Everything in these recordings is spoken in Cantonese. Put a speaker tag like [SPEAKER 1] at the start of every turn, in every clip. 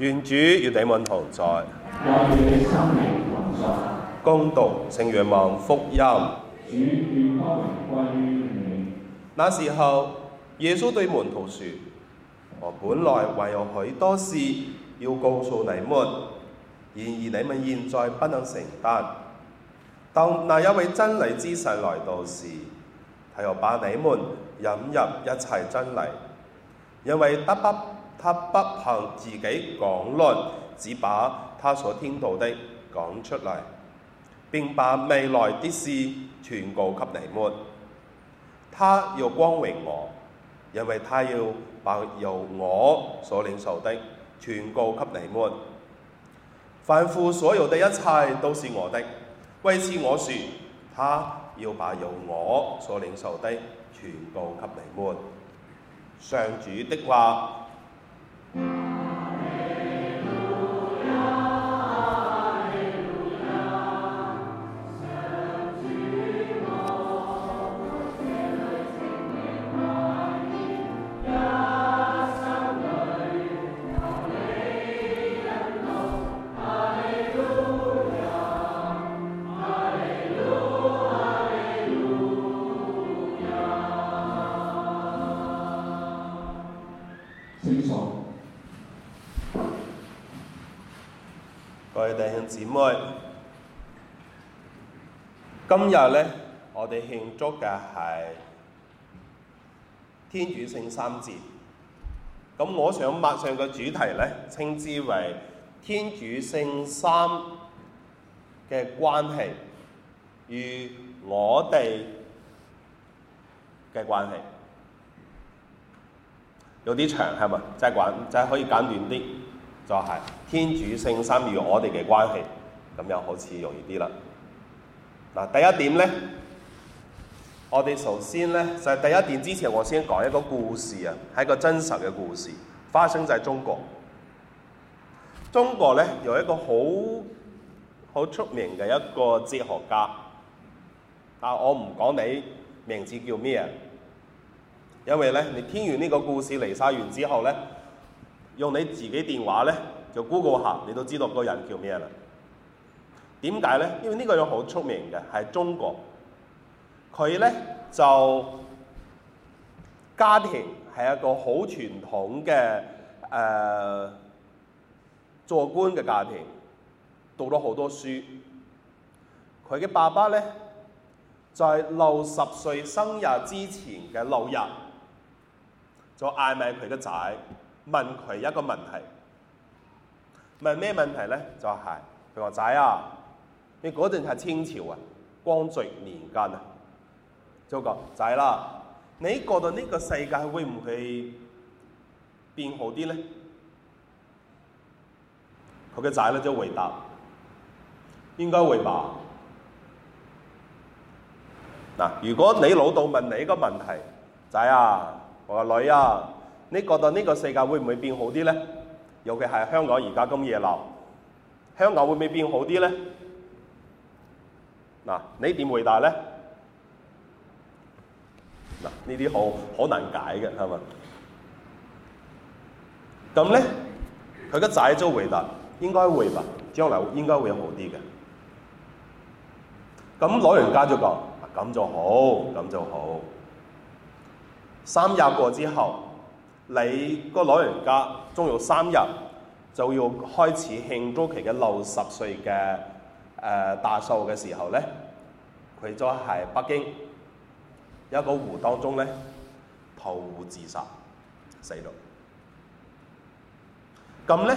[SPEAKER 1] 願主與你們同在，願你心靈同在，恭讀聖若望福音，那時候耶穌對門徒說：我本來還有許多事要告訴你們，然而你們現在不能承擔。當那一位真理之神來到時，他又把你們引入一切真理，因為得不。他不憑自己講論，只把他所聽到的講出嚟，並把未來的事傳告給你們。他要光榮我，因為他要把由我所領受的傳告給你們。凡父所有的一切都是我的，為此我説，他要把由我所領受的傳告給你們。上主的話。弟兄姊妹，今日咧，我哋慶祝嘅係天主聖三節。咁，我想默上個主題咧，稱之為天主聖三嘅關係與我哋嘅關係，有啲長，係咪？就係講，就係可以簡短啲。就係天主聖三與我哋嘅關係，咁又好似容易啲啦。嗱，第一點咧，我哋首先咧就係、是、第一點之前，我先講一個故事啊，係一個真實嘅故事，發生在中國。中國咧有一個好好出名嘅一個哲學家，但我唔講你名字叫咩，啊，因為咧你聽完呢個故事嚟晒完之後咧。用你自己電話咧，就 Google 下，你都知道嗰人叫咩啦。點解咧？因為呢個人好出名嘅，係中國。佢咧就家庭係一個好傳統嘅誒、呃、做官嘅家庭，讀咗好多書。佢嘅爸爸咧，在六十歲生日之前嘅六日，就嗌埋佢嘅仔。問佢一個問題，問咩問題咧？就係佢話仔啊，你嗰陣係清朝啊，光緒年間啊，就講仔啦、啊，你覺得呢個世界會唔會變好啲咧？佢嘅仔咧就回答：應該會吧。嗱，如果你老豆問你一個問題，仔啊，我個女啊。你覺得呢個世界會唔會變好啲咧？尤其係香港而家咁熱鬧，香港會唔會變好啲咧？嗱，你點回答咧？嗱，呢啲好好難解嘅係咪？咁咧，佢個仔就回答：應該會吧，將來應該會好啲嘅。咁老人家就講：咁就好，咁就好。三日過之後。你個老人家仲有三日就要開始慶祝期嘅六十歲嘅、呃、大壽嘅時候咧，佢就喺北京一個湖當中咧投湖自殺死咗。咁咧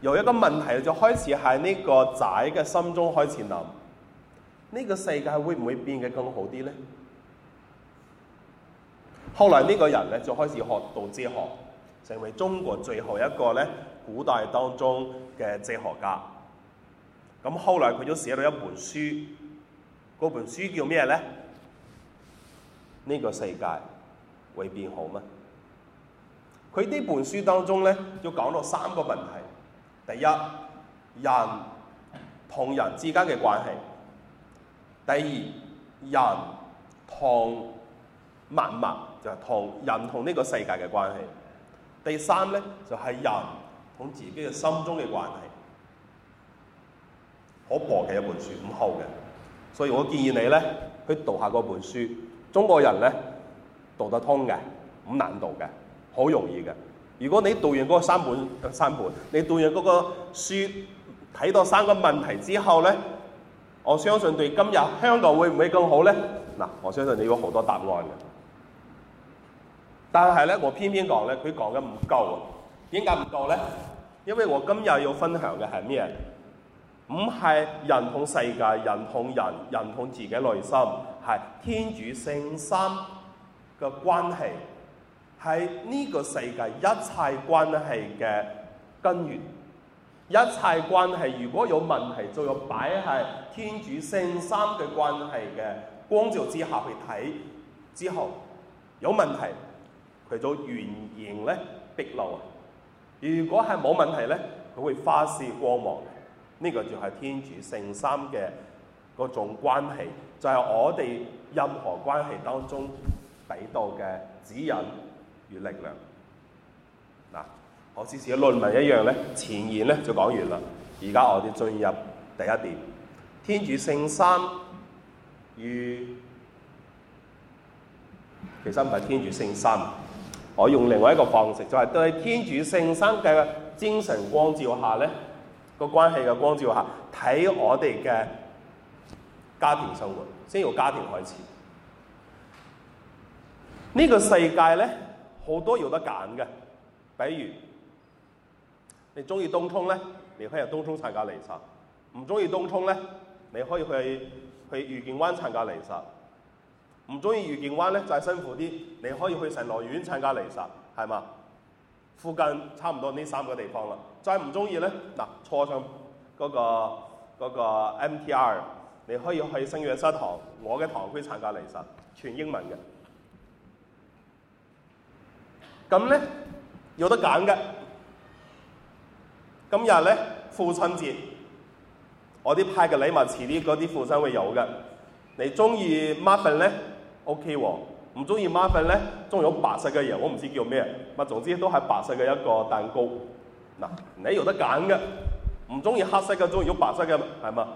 [SPEAKER 1] 有一個問題就開始喺呢個仔嘅心中開始諗：呢、這個世界會唔會變得更好啲咧？後來呢個人咧就開始學道哲學，成為中國最後一個咧古代當中嘅哲學家。咁後來佢都寫咗一本書，嗰本書叫咩咧？呢個世界會變好嗎？佢呢本書當中咧都講到三個問題：第一，人同人之間嘅關係；第二，人同萬物。就係同人同呢個世界嘅關係。第三咧就係、是、人同自己嘅心中嘅關係。好薄嘅一本書，唔厚嘅，所以我建議你咧去讀下嗰本書。中國人咧讀得通嘅，唔難讀嘅，好容易嘅。如果你讀完嗰三本三本，你讀完嗰個書睇到三個問題之後咧，我相信對今日香港會唔會更好咧？嗱，我相信你有好多答案嘅。但係咧，我偏偏講咧，佢講得唔夠啊。點解唔夠咧？因為我今日要分享嘅係咩？唔係人同世界、人同人、人同自己內心，係天主聖三嘅關係，係呢個世界一切關係嘅根源。一切關係如果有問題，就要擺喺天主聖三嘅關係嘅光照之下去睇之後，有問題。除咗圓形咧壁爐，如果係冇問題咧，佢會發射光芒。呢、這個就係天主聖三嘅嗰種關係，就係、是、我哋任何關係當中俾到嘅指引與力量。嗱，我似似嘅論文一樣咧，前言咧就講完啦。而家我哋進入第一點，天主聖三與其實唔係天主聖三。我用另外一個方式，就係、是、對天主聖三嘅精神光照下呢個關係嘅光照下，睇我哋嘅家庭生活，先由家庭開始。呢、這個世界呢，好多有得揀嘅，比如你中意東涌呢，呢，你可以去東涌參加彌撒；唔中意東涌呢，你可以去去愉景灣參加彌撒。唔中意愉景灣咧，就係辛苦啲。你可以去神樂院參加離實，係嘛？附近差唔多呢三個地方啦。再唔中意咧，嗱、啊，坐上嗰個嗰、嗰個、MTR，你可以去聖約瑟堂，我嘅堂區參加離實，全英文嘅。咁咧，有得揀嘅。今日咧，父親節，我啲派嘅禮物遲啲嗰啲父親會有嘅。你中意馬芬咧？O K，唔中意馬粉咧，中意、okay，白色嘅人，我唔知叫咩，乜總之都係白色嘅一個蛋糕。嗱，你有得揀嘅，唔中意黑色嘅，中意白色嘅，係嘛？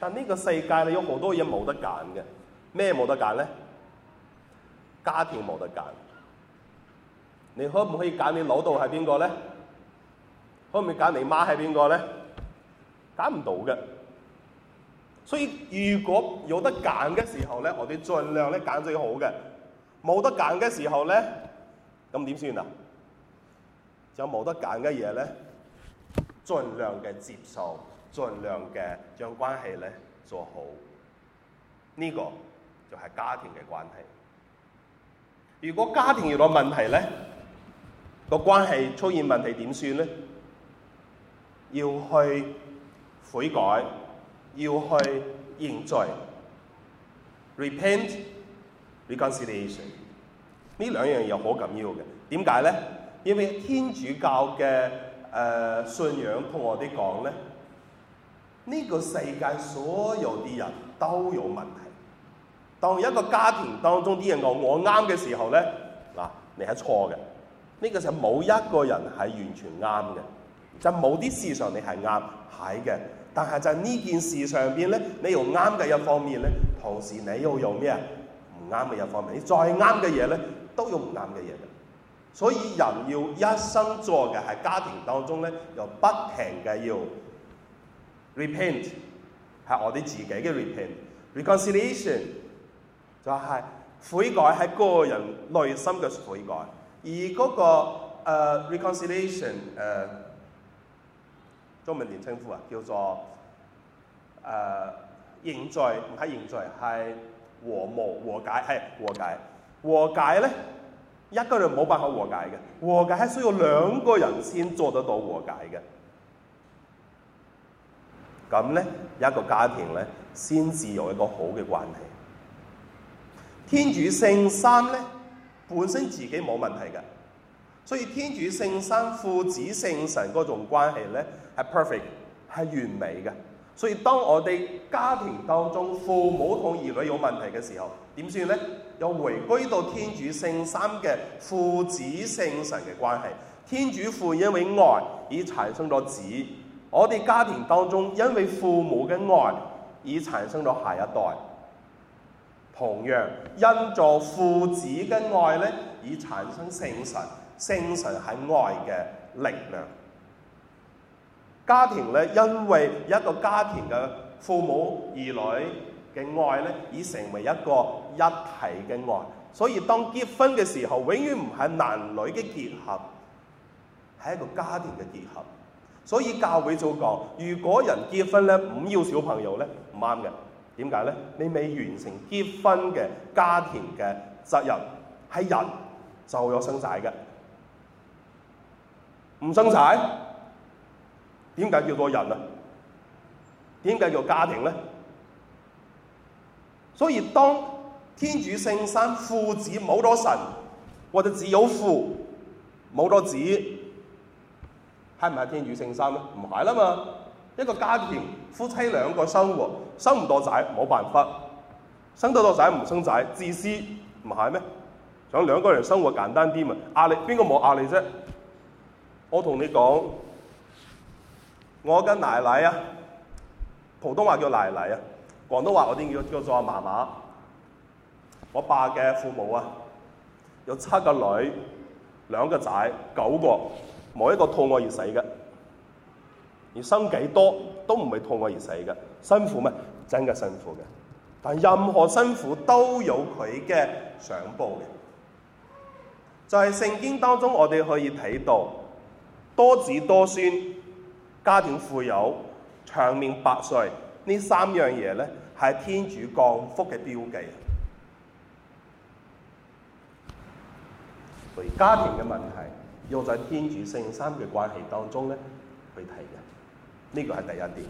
[SPEAKER 1] 但呢個世界你有好多嘢冇得揀嘅，咩冇得揀咧？家庭冇得揀，你可唔可以揀你老豆係邊個咧？可唔可以揀你媽係邊個咧？揀唔到嘅。所以如果有得揀嘅時候咧，我哋盡量咧揀最好嘅；冇得揀嘅時候咧，咁點算啊？有冇得揀嘅嘢咧，盡量嘅接受，盡量嘅將關係咧做好。呢個就係家庭嘅關係。如果家庭遇到問題咧，個關係出現問題點算咧？要去悔改。要去認罪、repent Re、reconciliation，呢兩樣嘢好緊要嘅。點解咧？因為天主教嘅、呃、信仰同我哋講咧，呢、這個世界所有啲人都有問題。當一個家庭當中啲人講我啱嘅時候咧，嗱，你係錯嘅。呢、這個就冇一個人係完全啱嘅，就冇啲事上你係啱喺嘅。但係就係呢件事上邊咧，你用啱嘅一方面咧，同時你要用咩唔啱嘅一方面？你再啱嘅嘢咧，都用唔啱嘅嘢嘅。所以人要一生做嘅係家庭當中咧，又不停嘅要 repent，係我哋自己嘅 repent，reconciliation 就係悔改，喺個人內心嘅悔改。而嗰、那個 uh, reconciliation 誒、uh。中文點稱呼啊？叫做誒認罪，唔係認罪。係和睦，和解，係和解。和解咧，一個人冇辦法和解嘅，和解係需要兩個人先做得到和解嘅。咁咧一個家庭咧先至有一個好嘅關係。天主聖三咧本身自己冇問題嘅。所以天主聖三，父子聖神嗰種關係呢，係 perfect，係完美嘅。所以當我哋家庭當中父母同兒女有問題嘅時候，點算呢？又回歸到天主聖三嘅父子聖神嘅關係。天主父因為愛，已產生咗子。我哋家庭當中因為父母嘅愛，已產生咗下一代。同樣，因助父子嘅愛呢，已產生聖神。精神係愛嘅力量。家庭呢，因為一個家庭嘅父母兒女嘅愛呢，已成為一個一體嘅愛。所以當結婚嘅時候，永遠唔係男女嘅結合，係一個家庭嘅結合。所以教會就講：如果人結婚呢，唔要小朋友呢，唔啱嘅。點解呢？你未完成結婚嘅家庭嘅責任，係人就有生仔嘅。唔生仔，點解叫個人啊？點解叫家庭呢？所以當天主聖三父子冇咗神，或者只有父冇咗子，係咪天主聖三呢？唔係啦嘛，一個家庭夫妻兩個生活生唔到仔，冇辦法，生到咗仔唔生仔自私，唔係咩？想兩個人生活簡單啲嘛？壓力邊個冇壓力啫？我同你講，我嘅奶奶啊，普通話叫奶奶啊，廣東話我哋叫叫做阿嫲嫲。我爸嘅父母啊，有七個女，兩個仔，九個，冇一個痛愛而死嘅，而生幾多都唔會痛愛而死嘅，辛苦咩？真嘅辛苦嘅。但任何辛苦都有佢嘅上報嘅，就係聖經當中，我哋可以睇到。多子多孫、家庭富有、長命百歲，呢三樣嘢咧係天主降福嘅標記。所以家庭嘅問題要在天主聖三嘅關係當中咧去睇嘅，呢個係第一點。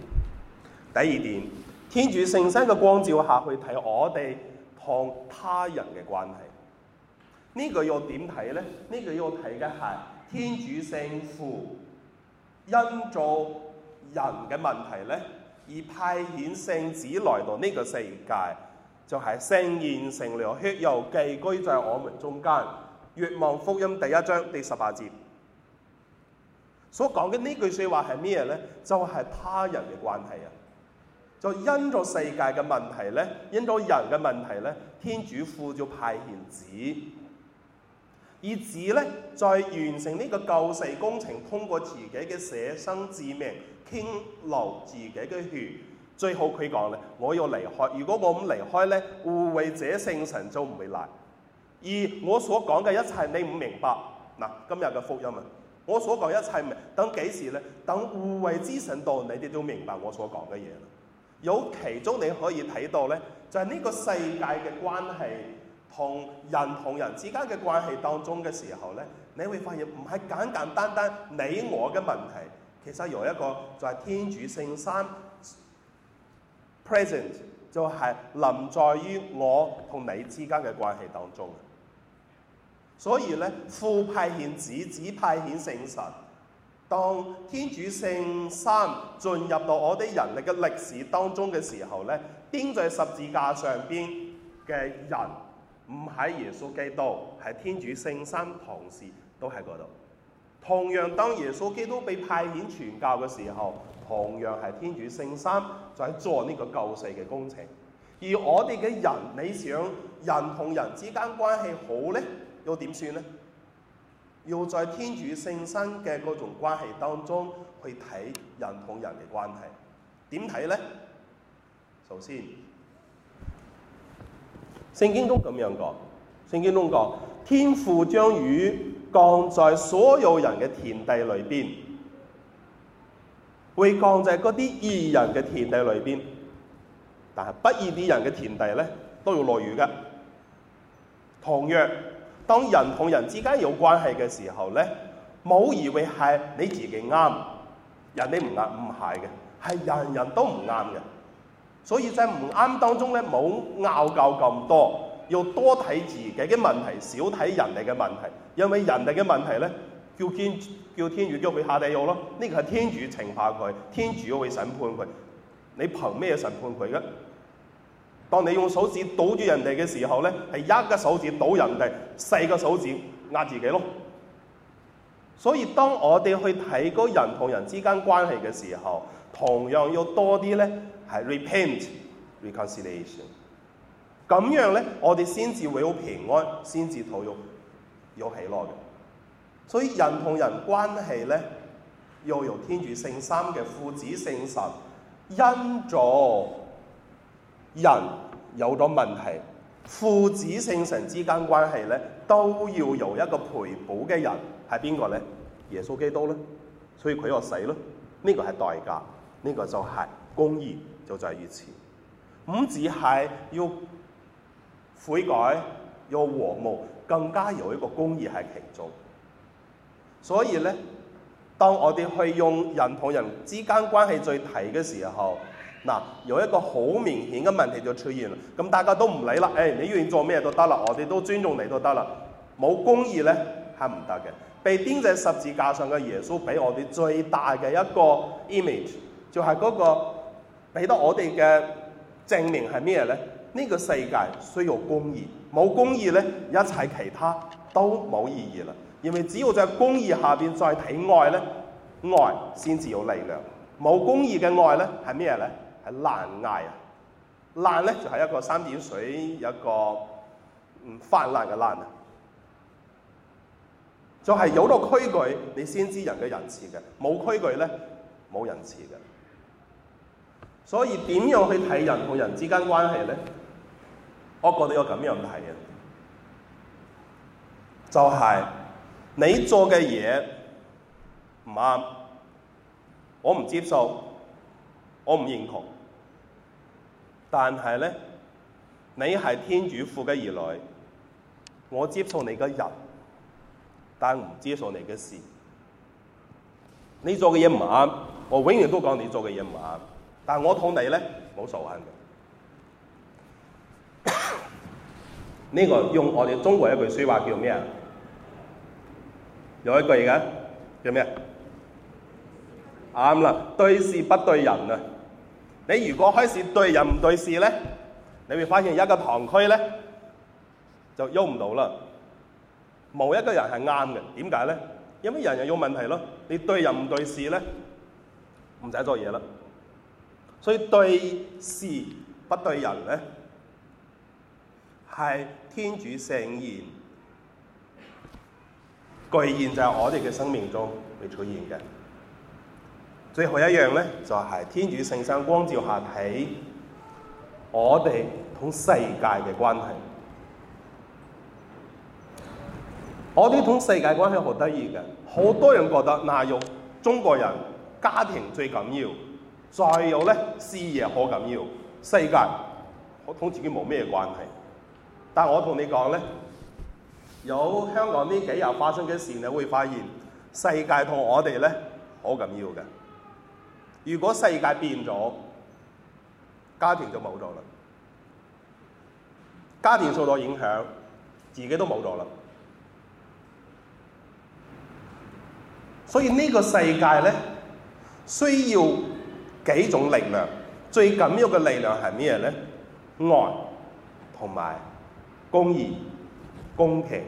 [SPEAKER 1] 第二點，天主聖三嘅光照下去睇我哋同他人嘅關係，呢個要點睇咧？呢個要睇嘅係。天主聖父因咗人嘅問題咧，而派遣聖子來到呢個世界，就係、是、聖言成了血肉寄居在我們中間。若望福音第一章第十八節所講嘅呢句說話係咩咧？就係、是、他人嘅關係啊！就因咗世界嘅問題咧，因咗人嘅問題咧，天主父就派遣子。以至咧再完成呢個救世工程，通過自己嘅捨生致命，傾流自己嘅血。最後佢講咧：我要離開。如果我唔離開咧，護衛者聖神就唔會嚟。而我所講嘅一,一切，你唔明白。嗱，今日嘅福音啊，我所講一切明。等幾時咧？等護衛之神到，你哋都明白我所講嘅嘢啦。有其中你可以睇到咧，就係、是、呢個世界嘅關係。同人同人之間嘅關係當中嘅時候咧，你會發現唔係簡簡單單，單你我嘅問題，其實有一個就係天主聖三 present 就係臨在於我同你之間嘅關係當中。所以咧，父派遣子，子派遣聖神。當天主聖三進入到我哋人類嘅歷史當中嘅時候咧，釘在十字架上邊嘅人。唔喺耶穌基督，喺天主聖三同時都喺嗰度。同樣當耶穌基督被派遣傳教嘅時候，同樣係天主聖三就係做呢個救世嘅工程。而我哋嘅人，你想人同人之間關係好呢？要點算呢？要在天主聖三嘅嗰種關係當中去睇人同人嘅關係，點睇呢？首先。聖經都咁樣講，聖經都講，天父將雨降在所有人嘅田地裏邊，會降在嗰啲義人嘅田地裏邊。但係不義啲人嘅田地呢，都要落雨嘅。同樣，當人同人之間有關係嘅時候呢，冇以為係你自己啱，人哋唔啱，唔係嘅，係人人都唔啱嘅。所以喺唔啱當中咧，冇拗究咁多，要多睇自己嘅問題，少睇人哋嘅問題。因為人哋嘅問題咧，叫天叫天主叫佢下地獄咯。呢個係天主懲罰佢，天主會審判佢。你憑咩審判佢㗎？當你用手指堵住人哋嘅時候咧，係一個手指堵人哋，四個手指壓自己咯。所以當我哋去提高人同人之間關係嘅時候，同樣要多啲咧。係 repent reconciliation，咁樣咧，我哋先至會好平安，先至討用有喜樂嘅。所以人同人關係咧，要由天主聖三嘅父子聖神，因咗人有咗問題，父子聖神之間關係咧，都要由一個賠補嘅人係邊個咧？耶穌基督咧，所以佢又死咯，呢、這個係代價，呢、這個就係公義。就係如此，唔只係要悔改，要和睦，更加有一個公義喺其中。所以咧，當我哋去用人同人之間關係最提嘅時候，嗱有一個好明顯嘅問題就出現啦。咁大家都唔理啦，誒、哎、你願意做咩都得啦，我哋都尊重你都得啦。冇公義咧係唔得嘅。被掟喺十字架上嘅耶穌俾我哋最大嘅一個 image 就係嗰、那個。睇到我哋嘅證明係咩咧？呢、這個世界需要公義，冇公義咧，一切其他都冇意義啦。因為只要在公義下邊再睇愛咧，愛先至有力量。冇公義嘅愛咧，係咩咧？係難挨啊！難咧就係、是、一個三點水，一個嗯泛濫嘅難啊！就係、是、有咗規矩，你先知人嘅仁慈嘅；冇規矩咧，冇仁慈嘅。所以點樣去睇人同人之間關係呢？我覺得要噉樣睇嘅，就係你做嘅嘢唔啱，我唔接受，我唔認同。但係呢，你係天主父嘅兒女，我接受你嘅人，但唔接受你嘅事。你做嘅嘢唔啱，我永遠都講你做嘅嘢唔啱。但我同你呢，冇仇恨。呢個用我哋中國一句説話叫咩啊？有一句嘅叫咩啊？啱啦，對事不對人啊！你如果開始對人唔對事呢，你會發現一個堂區呢，就喐唔到啦。冇一個人係啱嘅，點解呢？因為人人有問題咯。你對人唔對事呢，唔使做嘢啦。所以對事不對人呢，係天主聖言，巨然就我哋嘅生命中會出現嘅。最後一樣呢，就係、是、天主聖神光照下，喺我哋同世界嘅關係。我哋同世界關係好得意嘅，好多人覺得納入中國人家庭最緊要。再有呢，事業好緊要，世界同自己冇咩關係。但我同你講呢，有香港呢幾日發生嘅事，你會發現世界同我哋呢好緊要嘅。如果世界變咗，家庭就冇咗啦。家庭受到影響，自己都冇咗啦。所以呢個世界呢，需要。幾種力量，最緊要嘅力量係咩呢？愛同埋公義、公平。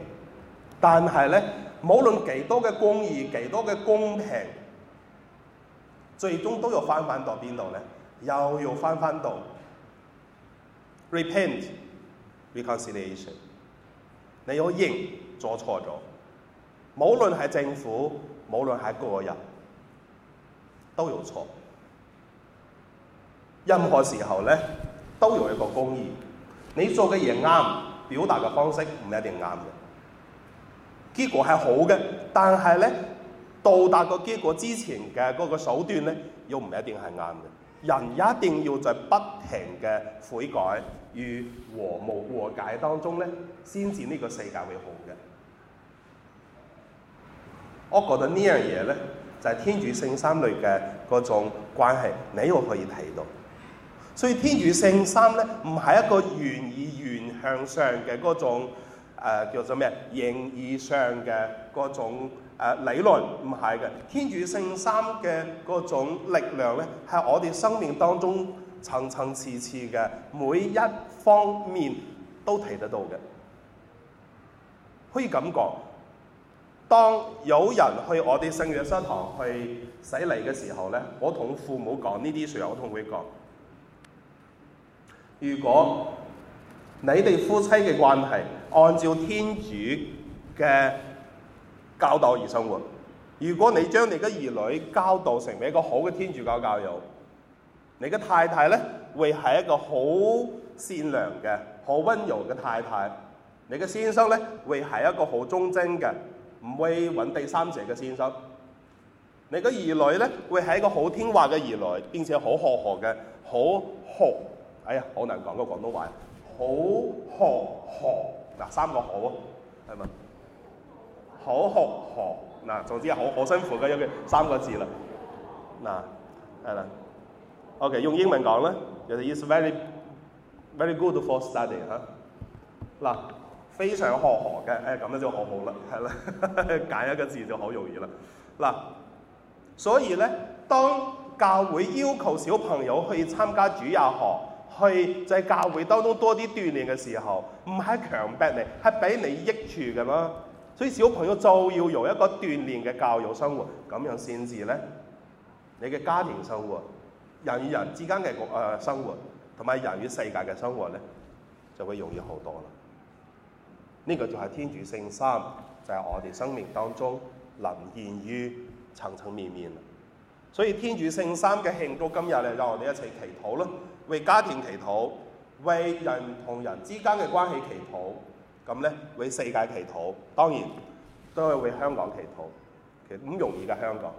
[SPEAKER 1] 但係呢，無論幾多嘅公義、幾多嘅公平，最終都要翻返到邊度呢？又要翻返到 repent, reconciliation。Rep ent, Re 你有認做錯咗，無論係政府，無論係個人，都有錯。任何時候咧，都有一個公義。你做嘅嘢啱，表達嘅方式唔一定啱嘅。結果係好嘅，但係咧，到達個結果之前嘅嗰個手段咧，又唔一定係啱嘅。人一定要在不停嘅悔改與和睦和解當中咧，先至呢個世界會好嘅。我覺得這事情呢樣嘢咧，就係、是、天主聖三裏嘅嗰種關係，你又可以睇到。所以天主聖三咧，唔係一個圓以圓向上嘅嗰種、呃、叫做咩？形而上嘅嗰種、呃、理論唔係嘅。天主聖三嘅嗰種力量咧，係我哋生命當中層層次次嘅每一方面都睇得到嘅。可以咁講，當有人去我哋聖若瑟堂去洗禮嘅時候咧，我同父母講呢啲時候，我同佢講。如果你哋夫妻嘅關係按照天主嘅教導而生活，如果你將你嘅兒女教導成為一個好嘅天主教教友，你嘅太太咧會係一個好善良嘅、好温柔嘅太太，你嘅先生咧會係一個好忠貞嘅，唔會揾第三者嘅先生，你嘅兒女咧會係一個好聽話嘅兒女，並且好學學嘅、好學。哎呀，好難講個廣東話。好學學嗱三個好，係嘛？好學學嗱，總之好好辛苦嘅一個三個字啦。嗱係啦。OK，用英文講咧，就係：It's very very good for study 嚇。嗱，非常學學嘅，誒、哎、咁樣就好好啦，係啦，揀一個字就好容易啦。嗱，所以咧，當教會要求小朋友去參加主日學。去就係教會當中多啲鍛鍊嘅時候，唔係強迫你，係俾你益處嘅咯。所以小朋友就要用一個鍛鍊嘅教育生活，咁樣先至咧，你嘅家庭生活、人與人之間嘅誒生活，同埋人與世界嘅生活咧，就會容易好多啦。呢、這個就係天主聖三，就係、是、我哋生命當中臨現於層層面面。所以天主聖三嘅慶祝今天呢，今日咧，就我哋一齊祈禱啦。為家庭祈禱，為人同人之間嘅關係祈禱，咁咧為世界祈禱，當然都係為香港祈禱。其實咁容易嘅香港，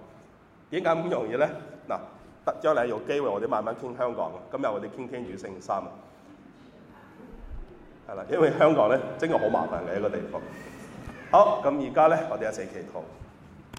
[SPEAKER 1] 點解咁容易咧？嗱，將來有機會我哋慢慢傾香港。今日我哋傾傾天主聖三，係啦，因為香港咧真係好麻煩嘅一個地方。好，咁而家咧，我哋一齊祈禱。